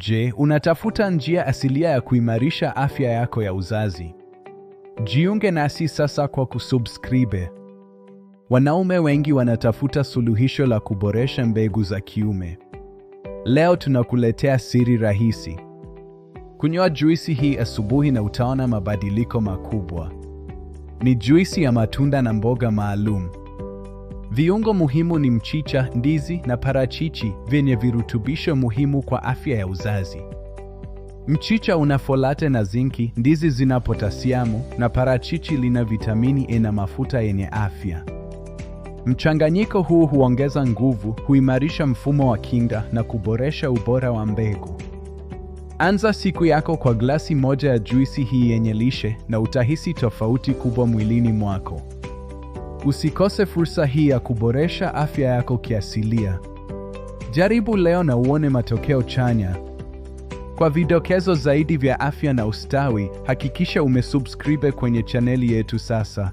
Je, unatafuta njia asilia ya kuimarisha afya yako ya uzazi? Jiunge nasi sasa kwa kusubscribe. Wanaume wengi wanatafuta suluhisho la kuboresha mbegu za kiume. Leo tunakuletea siri rahisi. Kunywa juisi hii asubuhi na utaona mabadiliko makubwa. Ni juisi ya matunda na mboga maalum Viungo muhimu ni mchicha, ndizi na parachichi vyenye virutubisho muhimu kwa afya ya uzazi. Mchicha una folate na zinki, ndizi zina potasiamu na parachichi lina vitamini E na mafuta yenye afya. Mchanganyiko huu huongeza nguvu, huimarisha mfumo wa kinga na kuboresha ubora wa mbegu. Anza siku yako kwa glasi moja ya juisi hii yenye lishe na utahisi tofauti kubwa mwilini mwako. Usikose fursa hii ya kuboresha afya yako kiasilia. Jaribu leo na uone matokeo chanya. Kwa vidokezo zaidi vya afya na ustawi, hakikisha umesubscribe kwenye chaneli yetu sasa.